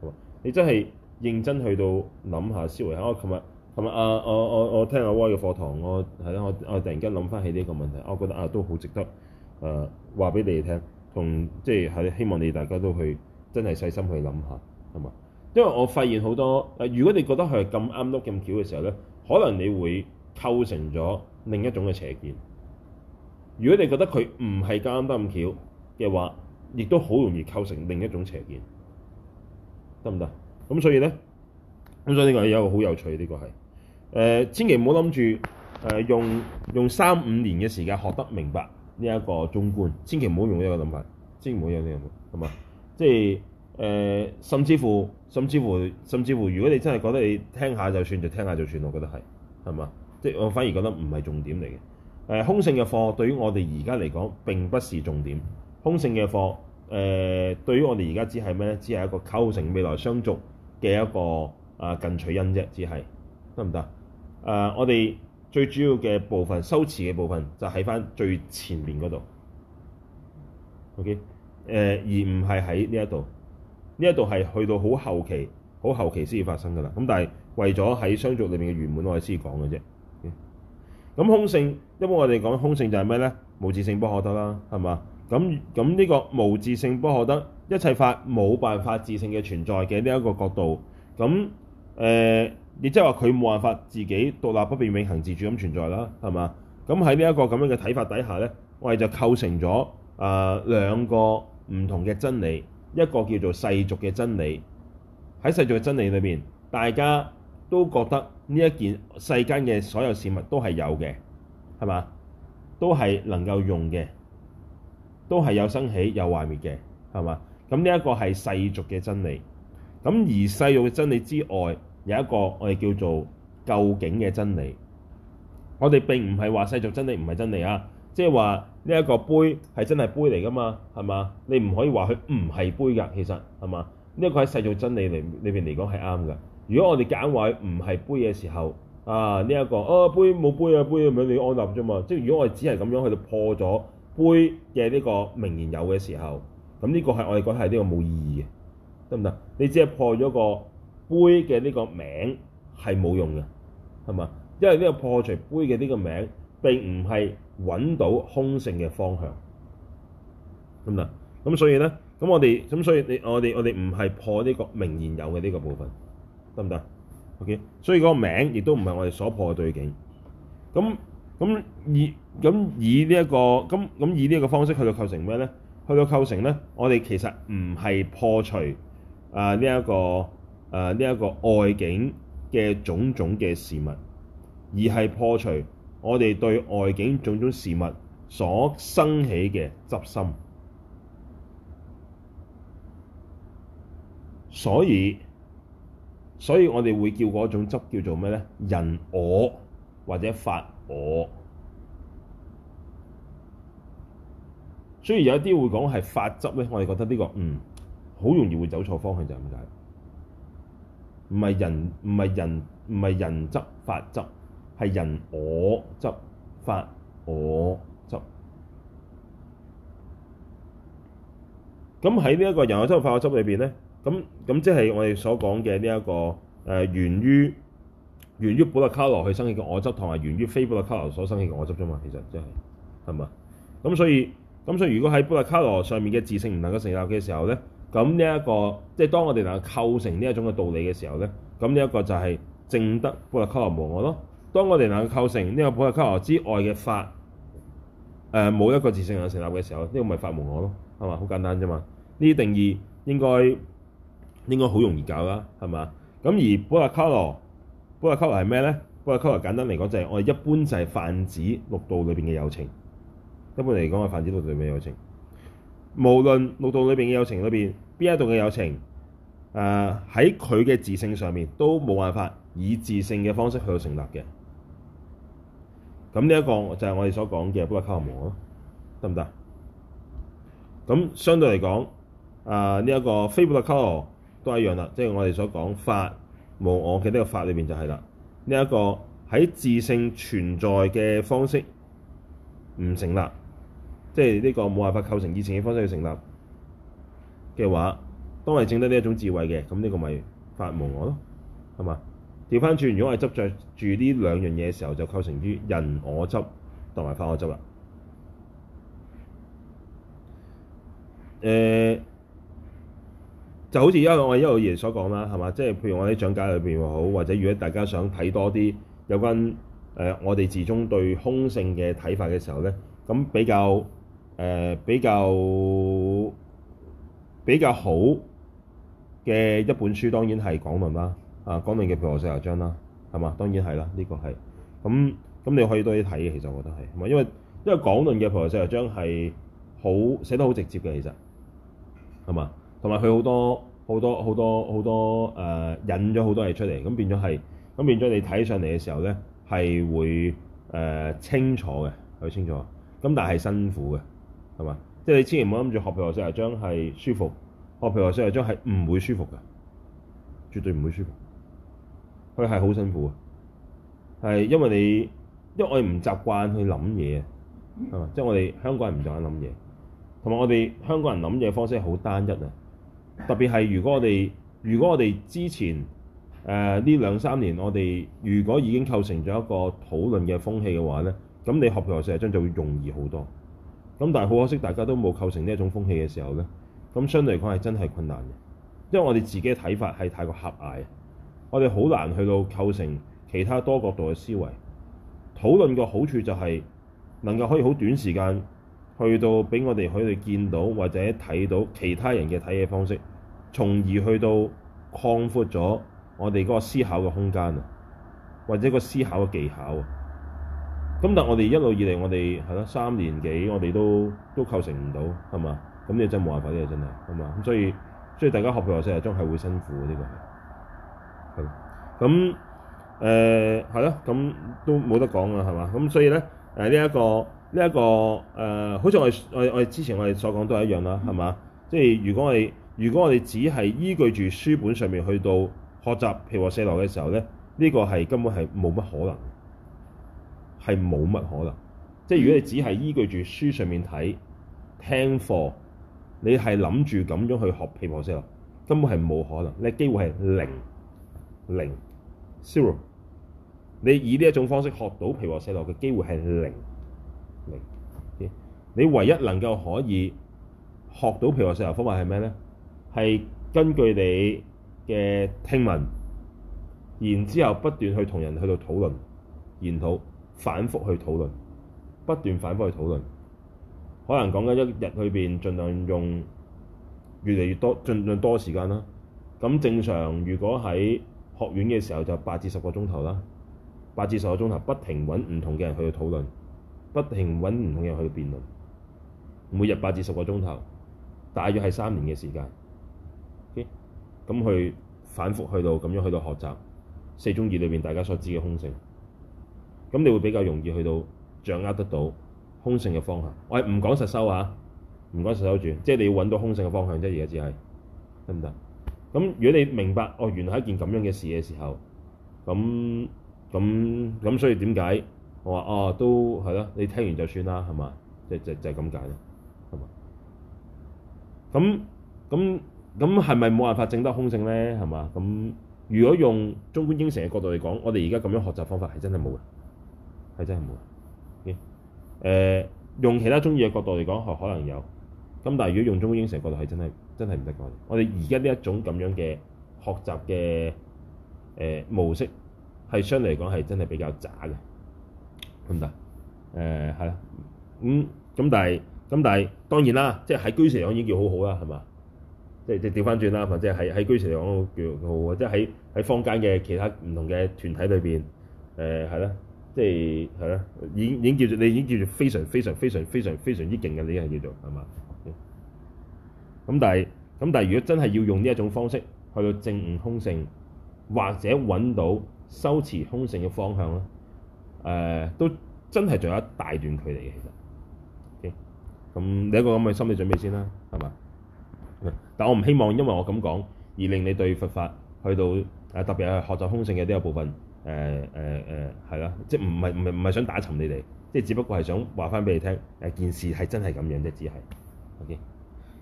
好啊！你真係認真去到諗下思維下，我琴日琴日啊，我我我聽阿威嘅課堂，我係啊我我突然間諗翻起呢個問題，我覺得啊都好值得誒話俾你哋聽。同即係喺希望你大家都去真係細心去諗下，係嘛？因為我發現好多誒、呃，如果你覺得佢係咁啱得咁巧嘅時候咧，可能你會構成咗另一種嘅邪見。如果你覺得佢唔係咁啱得咁巧嘅話，亦都好容易構成另一種邪見，得唔得？咁所以咧，咁所以呢個有個好有趣，呢個係誒，千祈唔好諗住誒用用三五年嘅時間學得明白。呢一個中觀，千祈唔好用呢個諗法，千祈唔好用呢個諗法，係嘛？即係誒、呃，甚至乎，甚至乎，甚至乎，如果你真係覺得你聽下就算，就聽下就算，我覺得係係嘛？即係我反而覺得唔係重點嚟嘅。誒、呃，空性嘅課對於我哋而家嚟講並不是重點，空性嘅課誒，對於我哋而家只係咩咧？只係一個構成未來相續嘅一個啊、呃、近取因啫，只係得唔得？誒、呃，我哋。最主要嘅部分，修辭嘅部分就喺、是、翻最前面嗰度，OK，誒、呃、而唔係喺呢一度，呢一度係去到好後期，好後期先至發生噶啦。咁但係為咗喺相續裏面嘅圓滿，我哋先講嘅啫。咁空性，因為我哋講空性就係咩咧？無自性不可得啦，係嘛？咁咁呢個無自性不可得，一切法冇辦法自性嘅存在嘅呢一個角度，咁誒。呃亦即係話佢冇辦法自己獨立不變、永恆自主咁存在啦，係嘛？咁喺呢一個咁樣嘅睇法底下呢，我哋就構成咗啊、呃、兩個唔同嘅真理，一個叫做世俗嘅真理。喺世俗嘅真理裏面，大家都覺得呢一件世間嘅所有事物都係有嘅，係嘛？都係能夠用嘅，都係有生起有壞滅嘅，係嘛？咁呢一個係世俗嘅真理。咁而世俗嘅真理之外，有一個我哋叫做究竟嘅真理，我哋並唔係話世俗真理唔係真理啊，即係話呢一個杯係真係杯嚟㗎嘛，係嘛？你唔可以話佢唔係杯㗎，其實係嘛？呢一個喺世俗真理嚟裏邊嚟講係啱㗎。如果我哋揀話佢唔係杯嘅時候，啊呢一個哦杯冇杯啊杯咁樣你安立啫嘛。即係如果我哋只係咁樣去到破咗杯嘅呢個名言有嘅時候，咁呢個係我哋講係呢個冇意義嘅，得唔得？你只係破咗個。杯嘅呢個名係冇用嘅，係嘛？因為呢個破除杯嘅呢個名並唔係揾到空性嘅方向，得唔得？咁所以咧，咁我哋咁所以你我哋我哋唔係破呢個名言有嘅呢個部分，得唔得？OK，所以嗰個名亦都唔係我哋所破嘅對境。咁、嗯、咁、嗯嗯、以咁、嗯、以呢、這、一個咁咁、嗯嗯、以呢一個方式去到構成咩咧？去到構成咧，我哋其實唔係破除啊呢一個。誒呢一個外境嘅種種嘅事物，而係破除我哋對外境種種事物所生起嘅執心。所以，所以我哋會叫嗰種執叫做咩咧？人我或者法我。雖然有啲會講係法執咧，我哋覺得呢、這個嗯好容易會走錯方向就係咁解。唔係人，唔係人，唔係人執法執，係人我執法我執。咁喺呢一個人我執法我執裏邊咧，咁咁即係我哋所講嘅呢一個誒，源於源於補特伽羅去生起嘅我執，同埋源於非補特伽羅所生起嘅我執啫嘛。其實即係係咪？咁所以咁所以，所以如果喺補特伽羅上面嘅自性唔能夠成立嘅時候咧。咁呢一個即係當我哋能夠構成呢一種嘅道理嘅時候咧，咁呢一個就係證得補特伽羅無我咯。當我哋能夠構成呢個補特伽羅之外嘅法，誒、呃、冇一個自性嘅成立嘅時候，呢個咪法無我咯，係嘛？好簡單啫嘛。呢啲定義應該應該好容易搞啦，係嘛？咁而補特伽羅補特伽羅係咩咧？補特伽羅簡單嚟講就係我哋一般就係泛指六道裏邊嘅有情。一般嚟講係泛指六道裏面嘅有情。無論六道裏邊嘅有情裏邊，邊一道嘅有情，誒喺佢嘅自性上面都冇辦法以自性嘅方式去到成立嘅。咁呢一個就係我哋所講嘅補特伽羅魔咯，得唔得？咁、嗯、相對嚟講，誒呢一個非補特伽羅都一樣啦，即係我哋所講法無我嘅呢個法裏邊就係啦，呢、這、一個喺自性存在嘅方式唔成立。即係呢個冇辦法構成以前嘅方式去成立嘅話，當係證得呢一種智慧嘅，咁呢個咪法無我咯，係嘛？調翻轉，如果係執着住呢兩樣嘢嘅時候，就構成於人我執同埋法我執啦。誒、欸，就好似因為我一路以嚟所講啦，係嘛？即係譬如我啲講解裏邊又好，或者如果大家想睇多啲有關誒、呃、我哋自宗對空性嘅睇法嘅時候咧，咁比較。誒、呃、比較比較好嘅一本書，當然係《廣論》啦。啊，《廣論》嘅《毘婆舍那章》啦，係嘛？當然係啦，呢、這個係咁咁，你可以多啲睇嘅。其實我覺得係，因為因為港《廣論》嘅《毘婆舍那章》係好寫得好直接嘅，其實係嘛？同埋佢好多好多好多好多誒、呃、引咗好多嘢出嚟，咁變咗係咁變咗你睇上嚟嘅時候咧係會誒、呃、清楚嘅，好清楚。咁但係辛苦嘅。係嘛？即係你千祈唔好諗住學皮和四射精係舒服，學皮和四射精係唔會舒服嘅，絕對唔會舒服。佢係好辛苦嘅，係因為你，因為我哋唔習慣去諗嘢啊，係嘛？即係我哋香港人唔習慣諗嘢，同埋我哋香港人諗嘢方式好單一啊。特別係如果我哋，如果我哋之前誒呢、呃、兩三年，我哋如果已經構成咗一個討論嘅風氣嘅話咧，咁你學皮和四射精就會容易好多。咁但係好可惜，大家都冇構成呢一種風氣嘅時候呢，咁相對嚟講係真係困難嘅，因為我哋自己嘅睇法係太過狹隘，我哋好難去到構成其他多角度嘅思維。討論嘅好處就係能夠可以好短時間去到俾我哋可以見到或者睇到其他人嘅睇嘢方式，從而去到擴闊咗我哋嗰個思考嘅空間啊，或者個思考嘅技巧啊。咁但我哋一路以嚟，我哋係咯三年幾，我哋都都構成唔到，係嘛？咁你個真冇辦法，呢真係，係嘛？咁所以所以大家學譬如話四阿中係會辛苦嘅，呢、這個係係。咁誒係咯，咁、呃、都冇得講啊，係嘛？咁所以咧誒呢一、呃這個呢一、這個誒、呃，好似我我我哋之前我哋所講都係一樣啦，係嘛？嗯、即係如果我哋如果我哋只係依據住書本上面去到學習譬如話四阿嘅時候咧，呢、這個係根本係冇乜可能。係冇乜可能，即係如果你只係依據住書上面睇聽課，你係諗住咁樣去學皮和石路，根本係冇可能。你機會係零零 zero。你以呢一種方式學到皮和石路嘅機會係零零。零 okay? 你唯一能夠可以學到皮和石路方法係咩呢？係根據你嘅聽聞，然之後不斷去同人去到討論研討。反覆去討論，不斷反覆去討論，可能講緊一日裏邊，儘量用越嚟越多，儘量多時間啦。咁正常，如果喺學院嘅時候就八至十個鐘頭啦，八至十個鐘頭不停揾唔同嘅人去討論，不停揾唔同嘅人去辯論，每日八至十個鐘頭，大約係三年嘅時間。Okay? 咁去反覆去到咁樣去到學習四中二裏邊大家所知嘅空性。咁你會比較容易去到掌握得到空性嘅方向。我係唔講實修啊，唔講實修住，即係你要揾到空性嘅方向啫。而家只係得唔得？咁如果你明白哦，原來係一件咁樣嘅事嘅時候，咁咁咁，所以點解我話哦都係咯？你聽完就算啦，係嘛？即即即係咁解啦，係嘛？咁咁咁係咪冇辦法證得空性咧？係嘛？咁如果用中觀應成嘅角度嚟講，我哋而家咁樣學習方法係真係冇嘅。係真係冇嘅。誒，用其他中意嘅角度嚟講，可能有。咁但係，如果用中英成個角度，係真係真係唔得嘅。我哋而家呢一種咁樣嘅學習嘅誒、呃、模式，係相對嚟講係真係比較渣嘅，唔得。誒，係啦。咁咁，但係咁、嗯，但係當然啦，即係喺居士嚟講已經叫好好啦，係嘛？即係即係調翻轉啦，或者係喺居士嚟講叫叫好啊，即係喺喺坊間嘅其他唔同嘅團體裏邊，誒係啦。即係係咯，已經已經叫做你已經叫做非常非常非常非常非常之勁嘅，已經叫做係嘛？咁、嗯、但係咁但係，如果真係要用呢一種方式去到證悟空性，或者揾到修持空性嘅方向咧，誒、呃、都真係仲有一大段距離嘅。其實咁、okay? 你一個咁嘅心理準備先啦，係嘛、嗯？但我唔希望，因為我咁講而令你對佛法去到誒特別係學習空性嘅呢個部分。誒誒誒，係啦、嗯嗯嗯，即係唔係唔係唔係想打沉你哋，即係只不過係想話翻俾你聽，誒件事係真係咁樣啫，只係，OK，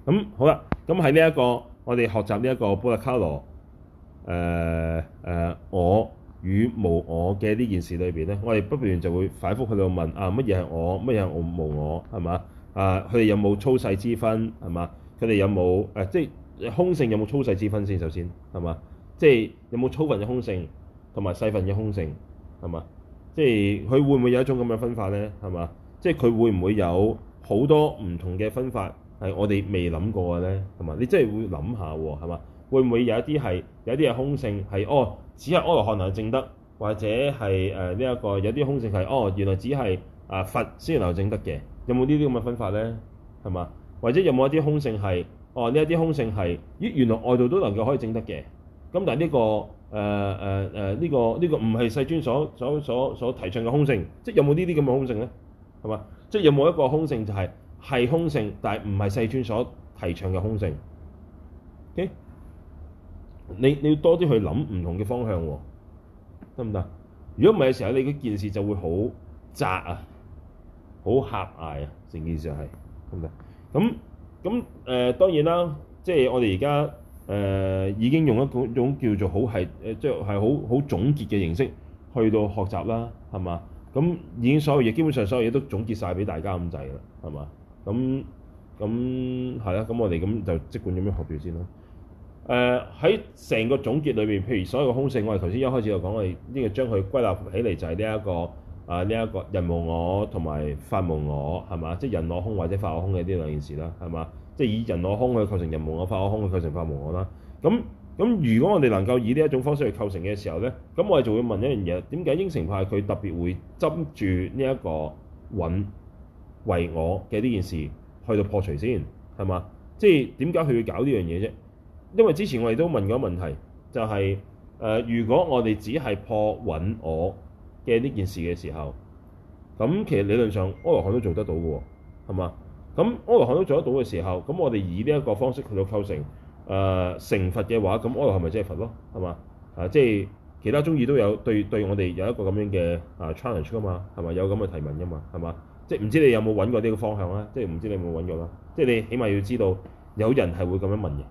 咁好啦，咁喺呢一個我哋學習呢一個補特伽羅，誒、呃、誒我與無我嘅呢件事裏邊咧，我哋不斷就會反覆去度問，啊乜嘢係我，乜嘢係我？無我，係嘛？啊佢哋有冇粗細之分，係嘛？佢哋有冇誒、啊、即係空性有冇粗細之分先？首先？首先係嘛？即係有冇粗分嘅空性？同埋細份嘅空性係嘛？即係佢會唔會有一種咁嘅分法咧？係嘛？即係佢會唔會有好多唔同嘅分法係我哋未諗過嘅咧？係嘛？你真係會諗下喎？係嘛？會唔會有一啲係有啲係空性係哦，只係阿羅漢能夠證得，或者係誒呢一個有啲空性係哦，原來只係啊佛先能夠證得嘅？有冇呢啲咁嘅分法咧？係嘛？或者有冇一啲空性係哦？呢一啲空性係咦？原來外道都能夠可以證得嘅？咁但係、這、呢個誒誒誒呢個呢、這個唔係世尊所所所所提倡嘅空性，即係有冇呢啲咁嘅空性咧？係嘛？即係有冇一個空性就係、是、係空性，但係唔係世尊所提倡嘅空性。o、okay? 你你要多啲去諗唔同嘅方向、啊，得唔得？如果唔係嘅時候，你嗰、啊、件事就會好窄啊，好狹隘啊，成件事係，係咪？咁咁誒當然啦，即係我哋而家。誒、呃、已經用一嗰種叫做好係誒，即係好好總結嘅形式去到學習啦，係嘛？咁已經所有嘢，基本上所有嘢都總結晒俾大家咁滯啦，係嘛？咁咁係啦，咁我哋咁就即管咁樣學住先啦。誒喺成個總結裏面，譬如所有嘅空性，我哋頭先一開始就講，我哋呢個將佢歸納起嚟、這個，就係呢一個啊呢一個人無我同埋法無我，係嘛？即係人我空或者法我空嘅呢兩件事啦，係嘛？即係以人我空去構成人無我、法我空去構成法無我啦。咁咁，如果我哋能夠以呢一種方式去構成嘅時候咧，咁我哋就會問一樣嘢：點解應承派佢特別會針住呢一個揾為我嘅呢件事去到破除先，係嘛？即係點解佢要搞呢樣嘢啫？因為之前我哋都問過問題，就係、是、誒、呃，如果我哋只係破揾我嘅呢件事嘅時候，咁其實理論上阿羅漢都做得到嘅喎，係嘛？咁阿羅漢都做得到嘅時候，咁我哋以呢一個方式去到構成誒、呃、成佛嘅話，咁阿羅漢咪即係佛咯，係嘛？啊，即係其他宗義都有對對我哋有一個咁樣嘅啊 challenge 啊嘛，係咪？有咁嘅提問噶嘛，係嘛？即係唔知你有冇揾過呢個方向咧？即係唔知你有冇揾過啦。即係你起碼要知道有人係會咁樣問嘅。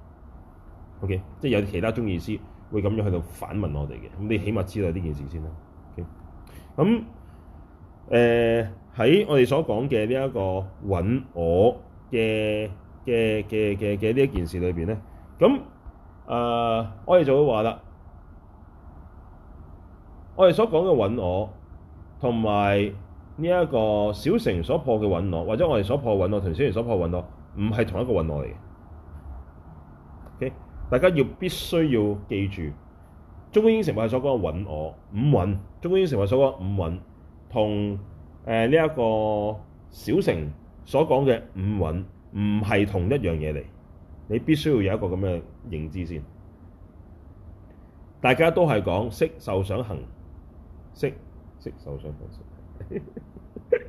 OK，即係有其他宗義師會咁樣去到反問我哋嘅。咁你起碼知道呢件事先啦。OK，咁誒。呃喺我哋所講嘅呢一個揾我嘅嘅嘅嘅嘅呢一件事裏邊咧，咁誒、呃，我哋就會話啦，我哋所講嘅揾我同埋呢一個小乘所破嘅揾我，或者我哋所破嘅揾我同小乘所破嘅揾我，唔係同一個揾我嚟嘅。OK，大家要必須要記住，中觀應成派所講嘅揾我五蘊，中觀應成派所講五蘊同。誒呢一個小城所講嘅五蘊唔係同一樣嘢嚟，你必須要有一個咁嘅認知先。大家都係講色受想行識，色受想行識，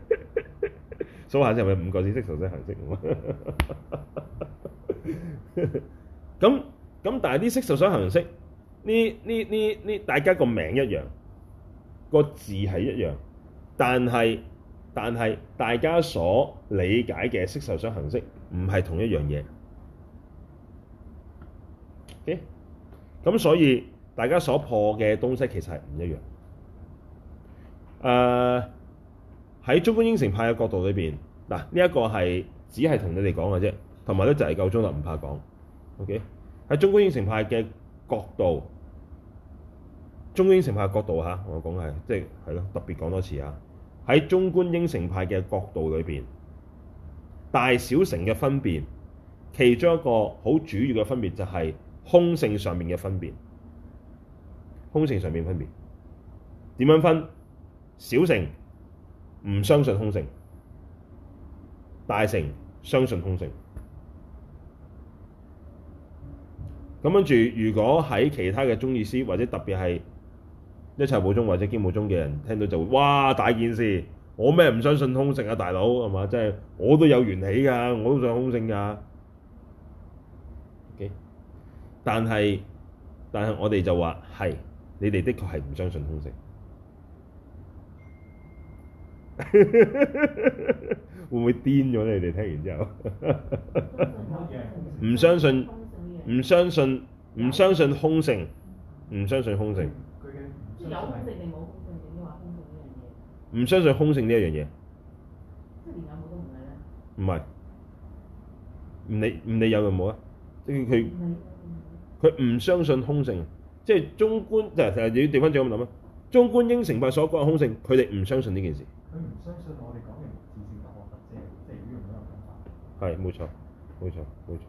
數下先係咪五個字？色受想行識咁咁，但係呢「色受想行識呢？呢呢呢大家個名一樣，個字係一樣。但係，但係大家所理解嘅色受想行識唔係同一樣嘢。咁、okay? 所以大家所破嘅東西其實係唔一樣。誒、uh, 喺中觀應成派嘅角度裏邊，嗱呢一個係只係同你哋講嘅啫，同埋咧就係夠鐘就唔怕講。OK，喺中觀應成派嘅角度，中觀應成派嘅角度嚇、啊，我講係即係係咯，特別講多次啊！喺中觀應成派嘅角度裏邊，大小乘嘅分別，其中一個好主要嘅分別就係空性上面嘅分別。空性上面嘅分別點樣分？小乘唔相信空性，大乘相信空性。咁跟住，如果喺其他嘅中意師或者特別係。一切無中或者兼無中嘅人聽到就會哇大件事！我咩唔相信空性啊，大佬係嘛？真係我都有緣起㗎，我都想空性㗎，okay？但係但係我哋就話係你哋的確係唔相信空性。 (laughs) 會唔會癲咗你哋聽完之後？唔 (laughs) 相信，唔相信，唔相,相,相信空性，唔相信空性。有，你哋冇？你哋點樣話空性呢樣嘢？唔相信空性呢一樣嘢。即係連有冇都唔理啦。唔係。唔理唔理有定冇啊！即係佢，佢唔相信空性。即係中觀，就係就係你要掉返轉咁諗啦。中觀應成派所講嘅空性，佢哋唔相信呢件事。佢唔相信我哋講嘅無自性不可得嘅地語用咩講法？係，冇錯，冇錯，冇錯。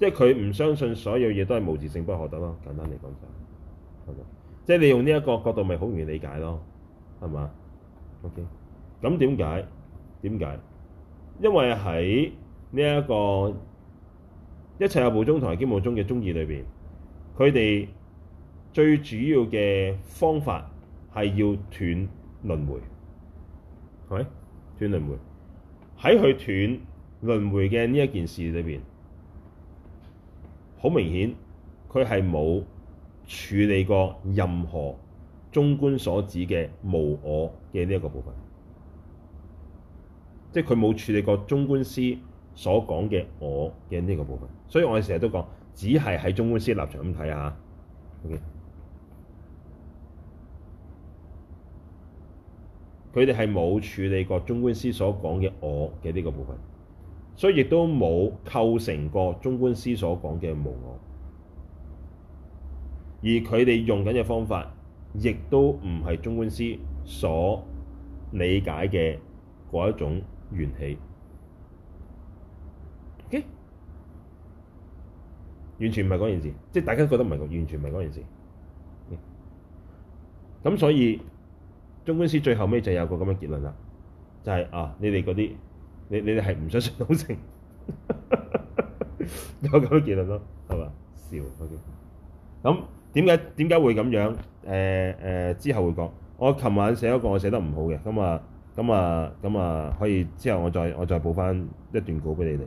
即係佢唔相信所有嘢都係無自性不可得咯。簡單嚟講就係。即係你用呢一個角度，咪好容易理解咯，係嘛？OK，咁點解？點解？因為喺呢一個一切有部宗同埋經部宗嘅宗義裏邊，佢哋最主要嘅方法係要斷輪迴，係咪？斷輪迴喺佢斷輪迴嘅呢一件事裏邊，好明顯佢係冇。處理過任何中觀所指嘅無我嘅呢一個部分，即係佢冇處理過中觀師所講嘅我嘅呢個部分。所以我哋成日都講，只係喺中觀師立場咁睇下。OK 佢哋係冇處理過中觀師所講嘅我嘅呢個部分，所以亦都冇構成過中觀師所講嘅無我。而佢哋用緊嘅方法，亦都唔係中觀師所理解嘅嗰一種緣起。Okay? 完全唔係嗰件事，即係大家覺得唔係，完全唔係嗰件事。咁、okay? 所以中觀師最後尾就有個咁嘅結論啦，就係、是、啊，你哋嗰啲，你你哋係唔相信老成， (laughs) 有咁嘅結論咯，係嘛？笑 OK，咁。點解，點解會咁樣？誒、誒，之後會講。我琴晚寫嗰個我寫得唔好嘅，咁啊咁啊咁啊，可以之後我再我再補翻一段稿俾你哋。